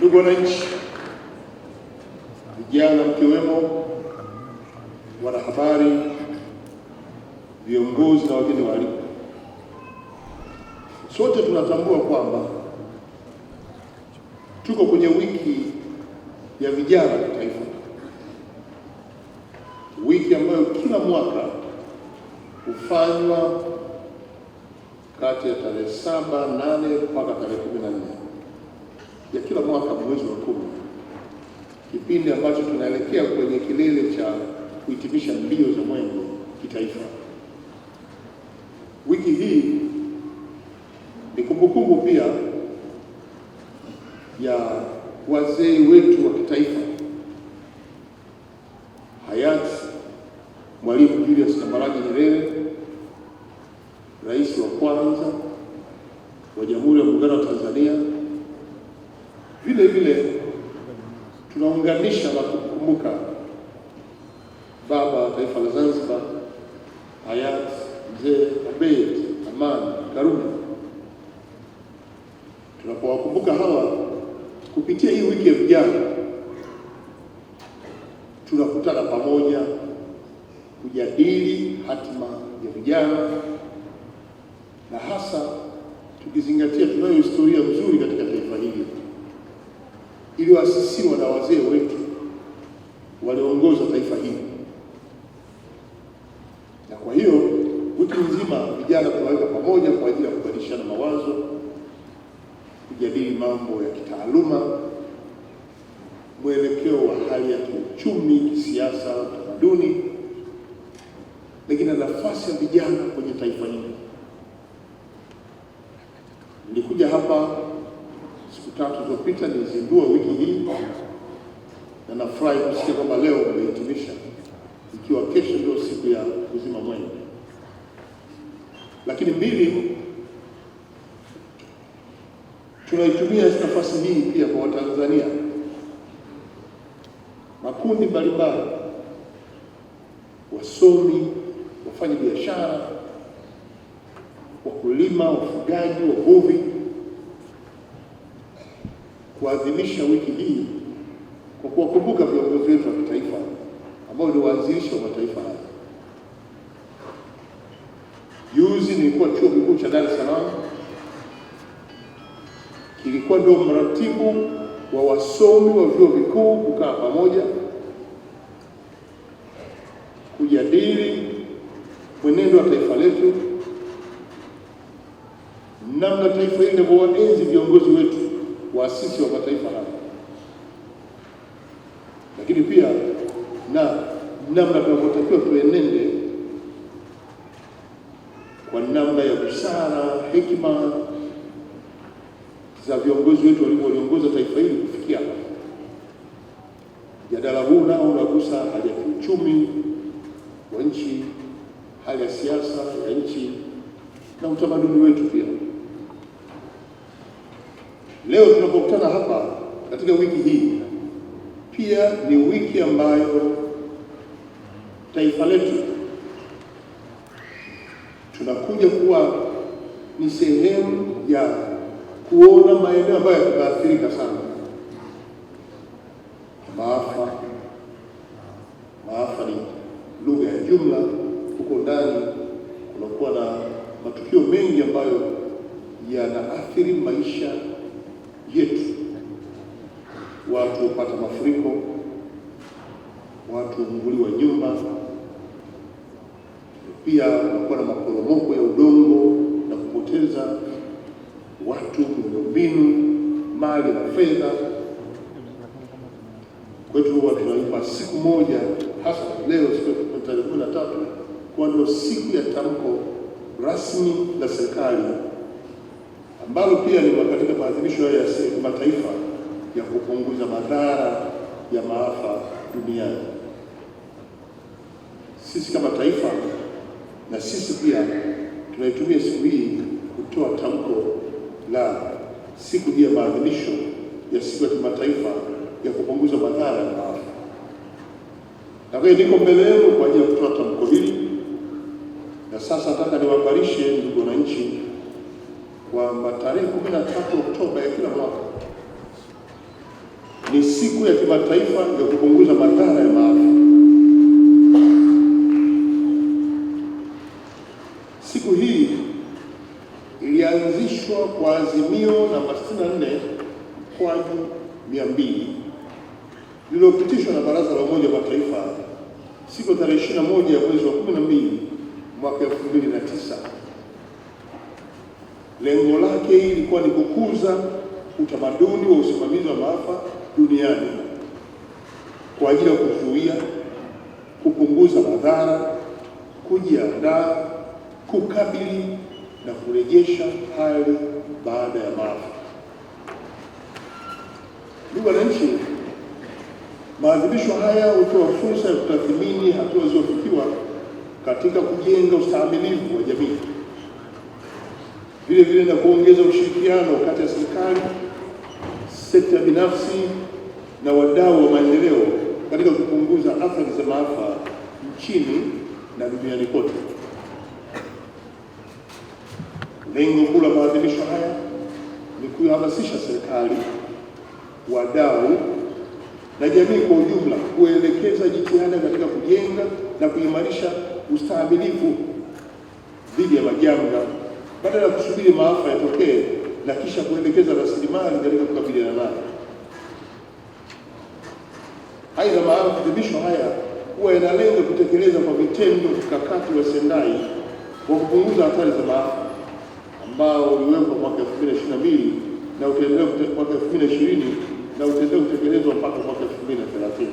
Ndugu wananchi, vijana mkiwemo, wanahabari, viongozi na wageni waalikwa, sote tunatambua kwamba tuko kwenye wiki ya vijana taifa, wiki ambayo kila mwaka hufanywa kati ya tarehe saba nane mpaka tarehe kumi ya kila mwaka mwezi wa kumi, kipindi ambacho tunaelekea kwenye kilele cha kuhitimisha mbio za mwenge kitaifa. Wiki hii ni kumbukumbu pia ya wazee wetu wa kitaifa hayati Mwalimu Julius Kambarage Nyerere, rais wa kwanza wa Jamhuri vile vile tunaunganisha na kukumbuka baba wa taifa la Zanzibar hayati mzee Abeid Amani Karume. Tunapowakumbuka hawa kupitia hii wiki ya vijana, tunakutana pamoja kujadili hatima ya vijana na hasa tukizingatia tunayo historia nzuri katika taifa hili iliyoasisiwa na wazee wetu walioongoza taifa hili, na kwa hiyo wiki nzima vijana tunaweka pamoja kwa ajili ya kubadilishana mawazo, kujadili mambo ya kitaaluma, mwelekeo wa hali ya kiuchumi, kisiasa, utamaduni, lakini na nafasi ya vijana kwenye taifa hili. Nilikuja hapa siku tatu zilizopita nilizindua wiki hii, na nafurahi kusikia kwamba leo umehitimisha, ikiwa kesho ndio siku ya kuzima mwenge. Lakini mbili, tunaitumia nafasi hii pia kwa Watanzania, makundi mbalimbali, wasomi, wafanya biashara, wakulima, wafugaji, wavuvi kuadhimisha wiki hii kwa kuwakumbuka viongozi wetu wa kitaifa ambao ni waanzilishi wa mataifa haya. Juzi nilikuwa chuo kikuu cha Dar es Salaam, kilikuwa ndio mratibu wa wasomi wa vyuo vikuu kukaa pamoja kujadili mwenendo wa taifa letu, namna taifa hili linavyowaenzi viongozi wetu waasisi wa mataifa haya, lakini pia na namna tunavyotakiwa tuenende kwa namna ya busara, hekima za viongozi wetu walivyoliongoza taifa hili kufikia hapa. Mjadala huu nao unagusa hali ya kiuchumi wa nchi, hali ya siasa ya nchi na utamaduni wetu pia. Leo tunapokutana hapa katika wiki hii pia ni wiki ambayo taifa letu tunakuja kuwa ni sehemu ya kuona maeneo ambayo yameathirika sana, maafa. Maafa ni lugha ya jumla, huko ndani kunakuwa na matukio mengi ambayo yanaathiri maisha kunapopata mafuriko, watu huunguliwa nyumba, pia kunakuwa na maporomoko ya udongo na kupoteza watu, miundombinu, mali na fedha. Kwetu huwa tunaipa siku moja, hasa leo tarehe kumi na tatu kuwa ndio siku ya tamko rasmi la serikali ambalo pia ni katika maadhimisho haya ya kimataifa ya kupunguza madhara ya maafa duniani. Sisi kama taifa na sisi pia tunaitumia siku hii kutoa tamko la siku hii ya maadhimisho ya siku ya kimataifa ya kupunguza madhara ya maafa. Na kwa hiyo niko mbele yenu kwa ajili ya kutoa tamko hili, na sasa nataka niwahabarishe ndugu wananchi kwamba tarehe kumi na tatu Oktoba ya kila mwaka ni siku ya kimataifa ya kupunguza madhara ya maafa. Siku hii ilianzishwa kwa azimio namba 64 kwaju 200 lililopitishwa na Baraza la Umoja wa Mataifa siku tarehe 21 ya mwezi wa 12 mwaka 2009. Lengo lake ilikuwa ni kukuza utamaduni wa usimamizi wa maafa duniani kwa ajili ya kuzuia, kupunguza madhara, kujiandaa, kukabili na kurejesha hali baada ya maafa. Ndugu wananchi, maadhimisho haya hutoa fursa ya kutathmini hatua zilizofikiwa katika kujenga ustahimilivu wa jamii, vile vile na kuongeza ushirikiano kati ya serikali sekta binafsi na wadau wa maendeleo katika kupunguza athari za maafa nchini na duniani kote. Lengo kuu la maadhimisho haya ni kuhamasisha serikali, wadau na jamii kwa ujumla kuelekeza jitihada katika kujenga na kuimarisha ustahimilivu dhidi ya majanga badala ya kusubiri maafa yatokee na kisha kuelekeza rasilimali katika kukabiliana nayo. Aidha, maadhimisho haya huwa yanalenga kutekeleza kwa vitendo mkakati wa Sendai wa kupunguza hatari za maafa ambao uliwekwa mwaka mbili na utaendelea mwaka 2020 na utaendelea kutekelezwa mpaka mwaka 2030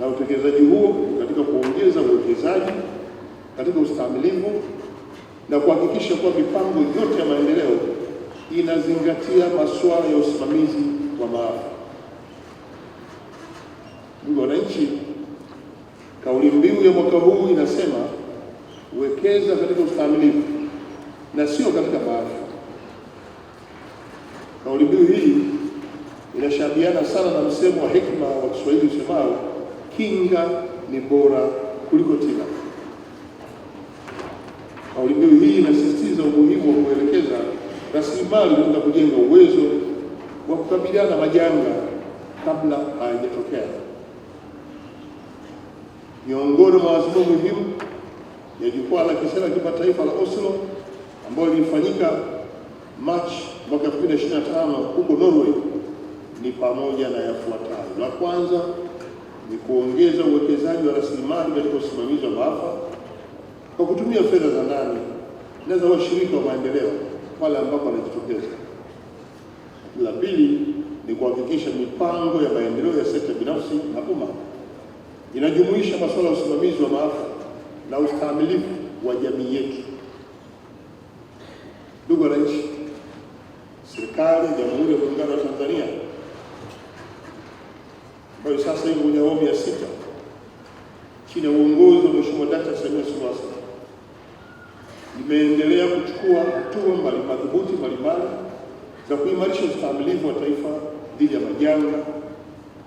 na utekelezaji huo katika kuongeza uwekezaji katika ustahimilivu na kuhakikisha kuwa mipango yote ya maendeleo inazingatia masuala ya usimamizi wa maafa. Ndugu wananchi, kauli mbiu ya mwaka huu inasema wekeza katika ustahimilivu na sio katika maafa. Kauli mbiu hii inashabiana sana na msemo wa hekima wa Kiswahili usemao kinga ni bora kuliko tiba. Kauli mbiu hii inasisitiza umuhimu wa kuelekeza rasilimali katika kujenga uwezo wa kukabiliana na majanga kabla hayajatokea. Miongoni mwa azimio muhimu ya jukwaa la kisera kimataifa la Oslo ambayo ilifanyika Machi mwaka 2025 huko Norway ni pamoja na yafuatayo. La kwanza ni kuongeza uwekezaji wa rasilimali katika usimamizi wa maafa kwa kutumia fedha za ndani inaweza washirika wa maendeleo pale ambapo anajitokeza La pili ni kuhakikisha mipango ya maendeleo ya sekta binafsi na umma inajumuisha masuala ya usimamizi wa maafa na ustahimilivu wa jamii yetu. Ndugu wananchi, serikali ya Jamhuri ya Muungano wa Tanzania ambayo sasa hivi kwenye awamu ya sita chini ya uongozi wa Mheshimiwa Daktari Samia Suluhu Hassan limeendelea kuchukua hatua madhubuti mbalimbali za kuimarisha ustahimilivu wa taifa dhidi ya majanga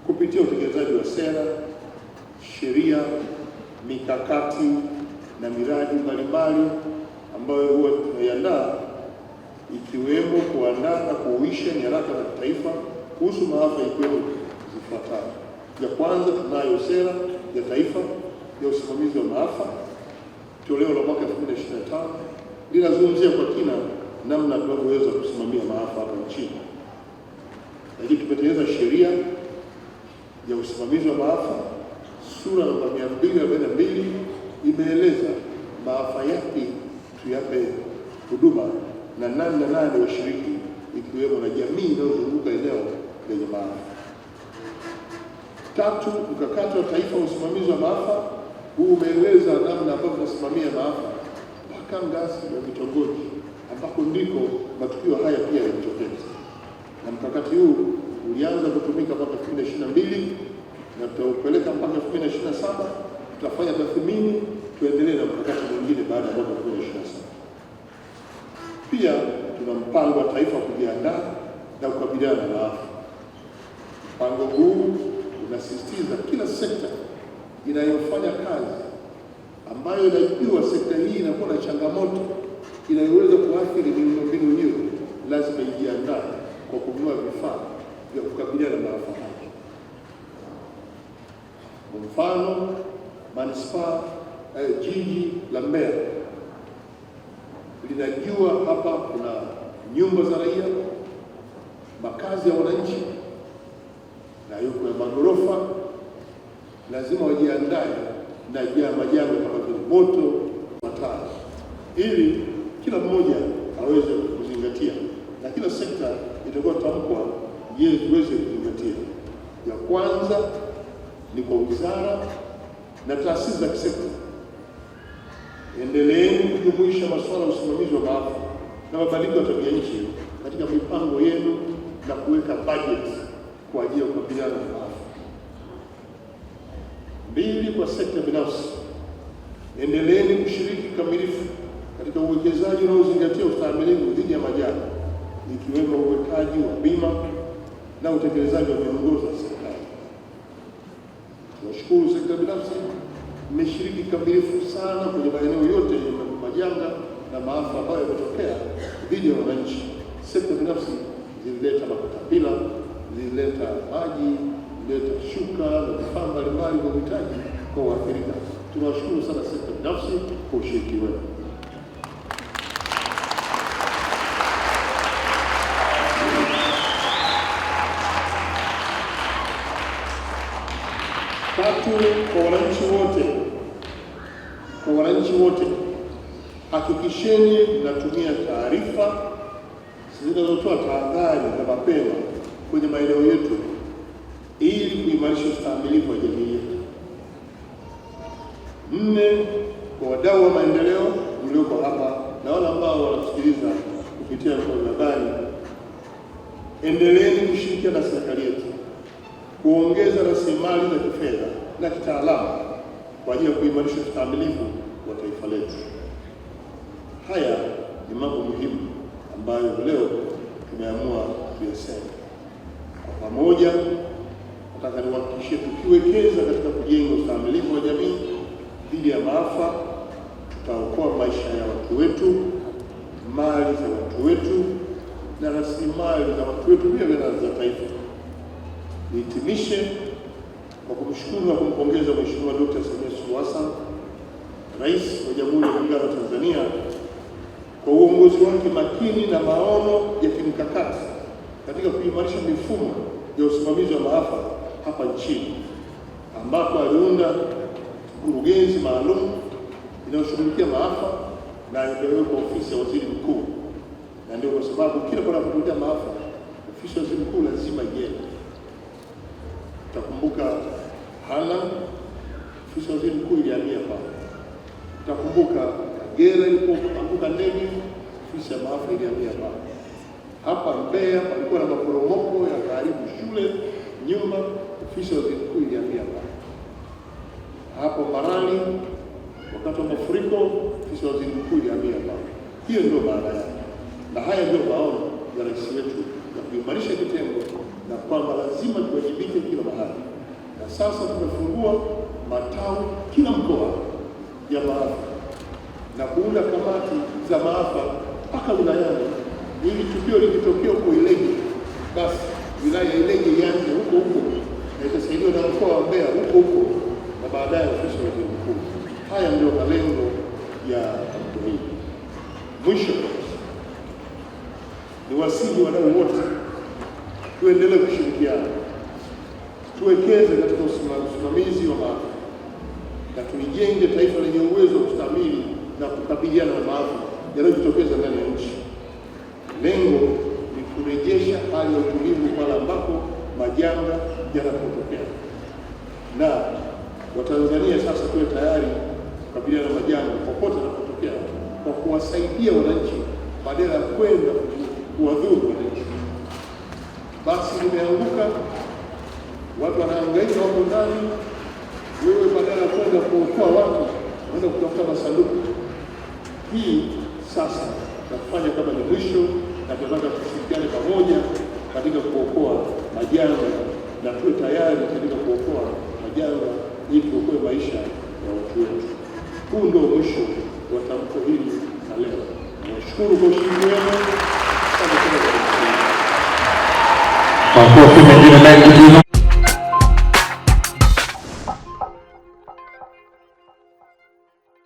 kupitia utekelezaji wa sera, sheria, mikakati na miradi mbalimbali ambayo huwa tunaiandaa ikiwemo kuandaa na kuuisha nyaraka za kitaifa kuhusu maafa ikiwemo zifuatazo. Ya kwanza, tunayo sera ya taifa ya usimamizi wa maafa toleo la mwaka 2025 linazungumzia kwa kina namna tunavyoweza kusimamia maafa hapa nchini, lakini tumetengeneza sheria ya usimamizi wa maafa sura namba 242 imeeleza maafa yapi tuyape huduma na nani na nani washiriki, ikiwemo na jamii inayozunguka eneo lenye maafa. Tatu, mkakati wa taifa wa usimamizi wa maafa huu umeeleza namna ambavyo unasimamia maafa mpaka ngazi ya vitongoji ambako ndiko matukio haya pia yalitokeza, na mkakati huu ulianza kutumika mwaka 2022 na tutaupeleka mpaka saba Tutafanya tathmini, tuendelee na mkakati mwingine baada ya mwaka saba Pia tuna mpango wa taifa kujiandaa na kukabiliana na maafa. Mpango huu unasisitiza kila sekta inayofanya kazi ambayo inajua sekta hii inakuwa na changamoto inayoweza kuathiri miundombinu hiyo, lazima ijiandaa kwa kununua vifaa vya kukabiliana na maafa hayo. Kwa mfano, manispaa eh, jiji la Mbeya linajua hapa kuna nyumba za raia, makazi ya wananchi na yuko ya maghorofa lazima wajiandae na jama jambo kama vile moto mataa, ili kila mmoja aweze kuzingatia na kila sekta itakuwa tamkwa yeye iweze kuzingatia. Ya kwanza ni kwa wizara na taasisi za kisekta, endeleeni kujumuisha masuala ya usimamizi wa maafa na mabadiliko ya tabia nchi katika mipango yenu na kuweka bajeti kwa ajili ya kukabiliana na Mbili, kwa sekta binafsi, endeleeni kushiriki kikamilifu katika uwekezaji unaozingatia ustahimilivu dhidi ya majanga, ikiwemo uwekaji wa bima na utekelezaji wa miongozo ya serikali. Tunashukuru sekta binafsi imeshiriki kikamilifu sana kwenye maeneo yote yenye majanga na maafa ambayo yametokea dhidi ya wananchi. Sekta binafsi zilileta makatapila, zilileta maji kuleta shuka na vifaa mbalimbali vya mitaji kwa waathirika. Tunawashukuru sana sekta binafsi kwa ushiriki wenu. Tatu, kwa wananchi wote, kwa wananchi wote, hakikisheni mnatumia taarifa zinazotoa tahadhari na mapema kwenye maeneo yetu kuimarisha wa jamii yetu. Nne, kwa wadau wa maendeleo mlioko hapa na wale ambao wanatusikiliza kupitia mkoazabani, endeleeni kushirikiana na serikali yetu kuongeza rasilimali za kifedha na kitaalamu kwa ajili ya kuimarisha ustahimilivu wa taifa letu. Haya ni mambo muhimu ambayo leo tumeamua kuyasema kwa pamoja nataka niwahakikishie, tukiwekeza katika kujenga ustahimilivu wa jamii dhidi ya maafa, tutaokoa maisha ya watu wetu, mali za watu wetu na rasilimali za watu wetu pia na za taifa. Nihitimishe kwa kumshukuru na kumpongeza Mheshimiwa Dkt. Samia Suluhu Hassan, Rais wa Jamhuri ya Muungano wa Tanzania kwa uongozi wake makini na maono ya kimkakati katika kuimarisha mifumo ya usimamizi wa maafa hapa nchini ambapo aliunda mkurugenzi maalum inayoshughulikia maafa na imewekwa ofisi ya waziri mkuu, na ndio kwa sababu kila panapotokea maafa ofisi ya waziri mkuu lazima iende. Utakumbuka hana ofisi ya waziri mkuu ilihamia pale. Utakumbuka Kagera ilipoanguka ndege, ofisi ya maafa ilihamia pale. Hapa Mbeya palikuwa na Halmashauri Kuu iliambia watu hapo Mbarali wakati wa mafuriko, ofisi ya waziri mkuu iliambia hiyo ndio baada yake, na haya ndio maono ya rais wetu ya kuimarisha kitengo na kwamba lazima tuwajibike kila mahali. Na sasa tumefungua matawi kila mkoa ya maafa na kuunda kamati za maafa mpaka wilayani, ili tukio likitokea huko Ileje, basi wilaya Ileje mkoa wa Mbeya huko huko na baadaye ofisi ya waziri mkuu. Haya ndio malengo ya tamko hili. Mwisho ni wasihi wadau wote tuendelee kushirikiana, tuwekeze katika usimamizi wa maafa na tulijenge taifa lenye uwezo wa kustahimili na kukabiliana na maafa yanayojitokeza ndani ya nchi. Lengo ni kurejesha hali ya utulivu pale ambapo majanga yanapotokea na Watanzania sasa tuwe tayari kukabiliana na majanga popote yanapotokea kwa kuwasaidia wananchi badala ya kwenda kuwadhuru wananchi. Basi limeanguka, watu wanahangaika wako ndani, wewe badala ya kwenda kuokoa watu unaenda kutafuta masanduku. Hii sasa nakufanya kama ni mwisho, na tunataka tushirikiane pamoja katika kuokoa majanga na tuwe tayari katika kuokoa janga ili tuokoe maisha ya watu wetu. Huu ndio mwisho wa tamko hili na leo. Nashukuru mheshimiwa wenu.